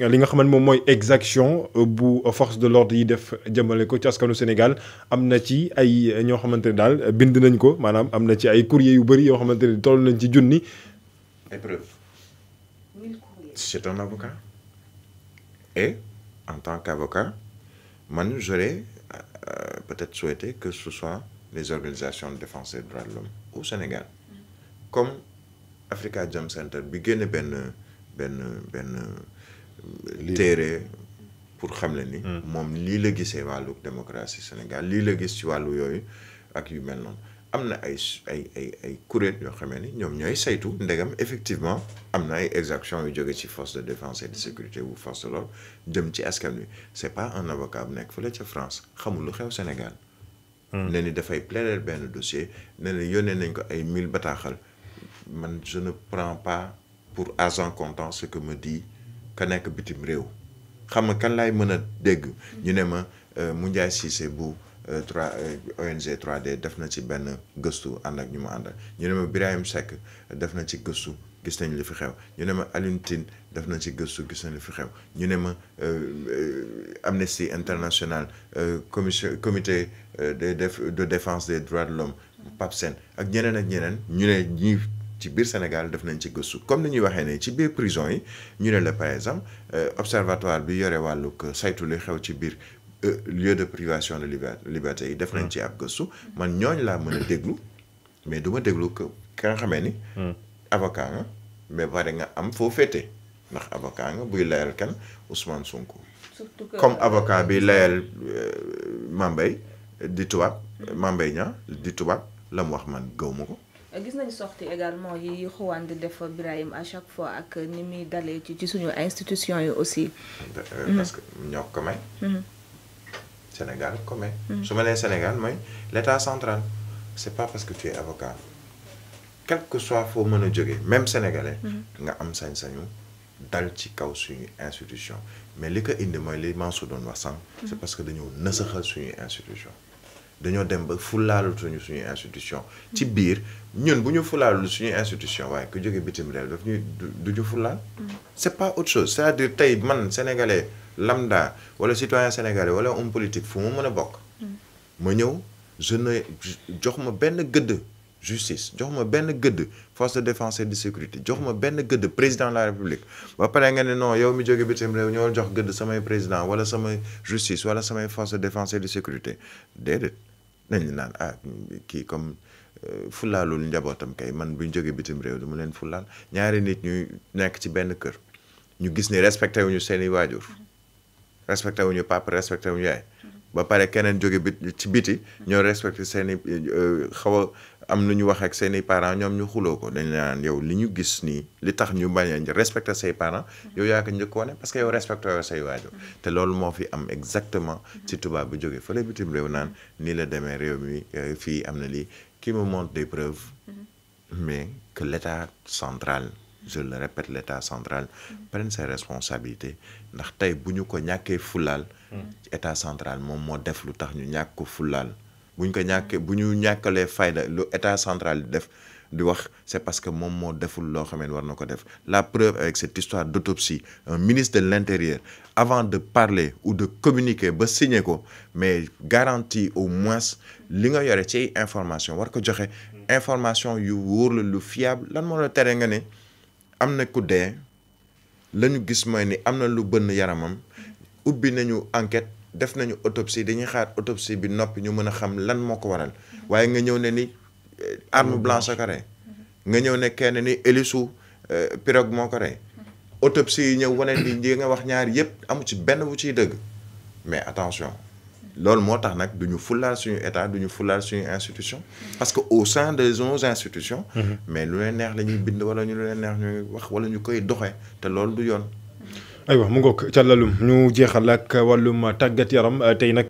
li nga xamante moom mooy exaction euh, bu force de l'ordre yi def jëmale ko ci askanu Sénégal am na ci ay ñoo xamante ne daal bind nañ ko maanaam am na ci ay courrier yu bëri yoo xamante ne toll nañ ci junni. ay preuves. c'est un avocat. et en tant qu'avocat man j'aurais euh, peut-être souhaité que ce soit les organisations de défense des droits de l'homme au Sénégal mm-hmm. comme Africa Jam Center bi génne benn benn benn. téere pour xam le ni hmm. moom lii la gisee wàllu démocratie Sénégal lii la gis ci wàllu yooyu ak yu mel noonu am na ay ay ay ay kuréel yoo xamee ni ñoom ñooy saytu ndegam effectivement am na ay exactions yu jóge ci force de défense et de sécurité bu force de l'ordre jëm ci askan wi c'est pas un avocat bu nekk fële ca France xamul lu xew Sénégal hmm. ne ni dafay plaider benn dossier ne ni yónnee nañ ko ay mille bataaxal man je ne prends pas pour argent comptant ce que ka nekk bitim réew xam nga kan laay mën a dégg ñu ne ma mu euh, Moundiaye Cissé bu 3 ONG 3D def na ci benn gëstu ànd ak ñu ma àndal ñu ne Birahim Seck def na ci gëstu gis nañ li fi ñu ne ma Alioune Tine def na ci gëstu gis nañ li fi xew ñu ne ma euh, Amnesty International euh, commission comité de de défense des droits de l'homme Pape ak ñeneen ak ñeneen ñu ne ñi ci biir Sénégal def nañ ci gëstu comme ni ñuy waxee ne ci biir prison yi ñu ne la par exemple euh, observatoire bi yore wàllug saytu li xew ci biir euh, lieu de privation de liberté yi def nañ ci ab gëstu man ñooñ laa mën a déglu mais du ma déglu que ka nga xamee ni hmm. avocat nga mais pare nga am foo féete ndax avocat nga buy layal kan Ousmane Sonko comme avocat bi layal euh, Mambay di tubaab Mambay ñaa di tubaab la mu wax man gëw ma ko gis nañu sorti également yi xuwaan di def Birahim à chaque fois ak ni muy dalee ci ci suñu institution yi aussi. parce que mm-hmm. ñoo ko may. Mm-hmm. Sénégal ko may. Mm-hmm. su ma nee Sénégal mooy l' central c' pas parce que tu es avocat quel soit foo mën a jógee même sénégalais. nga am sañ-sañu dal ci kaw suñu institution mais li ko indi mooy li Mansour doon wax sànq. parce que dañoo nësaxal suñu institution. dañoo dem ba fulaalutuñu suñu institution ci biir ñun bu ñu fulaalul suñu institution waaye ku jóge bitim réew daf ñuy du ñu fulaal mm. c'est pas autre chose c'est-à-dire tey man sénégalais lambda wala citoyen sénégalais wala homme politique fu mu mën a bokk mm. ma ñëw je ne jox ma benn gëdd justice jox ma benn gëdd force de défense de sécurité jox ma benn gëdd président de la république ba pare nga ne non yow mi jóge bitim réew ñoo jox gëdd samay président wala samay justice wala samay force de défense sécurité déedéet dañu naan ah kii comme euh, fulaalul njabootam kay man buñ jógee bitim réew du mu leen fulaal ñaari nit ñuy nekk ci benn kër ñu gis ni respecté wuñu seeni waajur respecté wuñu papa respecté wuñu yaay mm-hmm. ba pare keneen jóge bit ci biti ñoo respecté seeni euh, xaw a am lu ñu wax ak seen i parents ñoom ñu xuloo ko dañu la naan yow li ñu gis nii li tax ñu bañ a respecter say parents yow yaa ko njëkk parce que yow respecté yow say waajur te loolu moo fi am exactement si tubaab bu jógee fële bitim réew naan nii la demee réew mi euh, fii am na lii kii me montre des preuves mais que l'état central je le répète l'état central prenne ses responsabilités ndax tey bu ñu ko ñàkkee fulaal mm. état centrale moom moo def lu tax ñu ñàkk ko fulaal bu ñu ko ñàkk bu ñu ñàkkalee fayda lu état centrale central def di wax c'est parce que moom moo deful loo xam ne war na ko def la preuve avec cette histoire d'autopsie un ministre de l'intérieur avant de parler ou de communiquer ba signer ko mais garantie au moins li nga yore ci information war ko joxe information yu wóor la lu fiable lan moo la tere nga ne am na ku dee la gis mooy ni am na lu bënn yaramam ubbi nañu enquête def nañu autopsie dañuy xaar autopsie bi noppi ñu mën a xam lan moo ko waral waaye nga ñëw ne ni eh, arme blanche a ko rey nga ñëw ne kenn ni hélice eh, pirogue moo ko rey autopsie yi ñëw wane ni li nga wax ñaar yëpp amu ci benn bu ciy dëgg mais attention loolu moo tax nag du ñu fulaal suñu état du ñu fulaal suñu institution parce que au sein de nos institutions mm-hmm. mais lu leen neex la ñuy bind wala ñu lu leen neex ñuy wax wala ñu koy doxee te loolu du yoon aywa mu ngoog Thia Laloum ñu jeexal ak wàllum tàggat yaram tey nag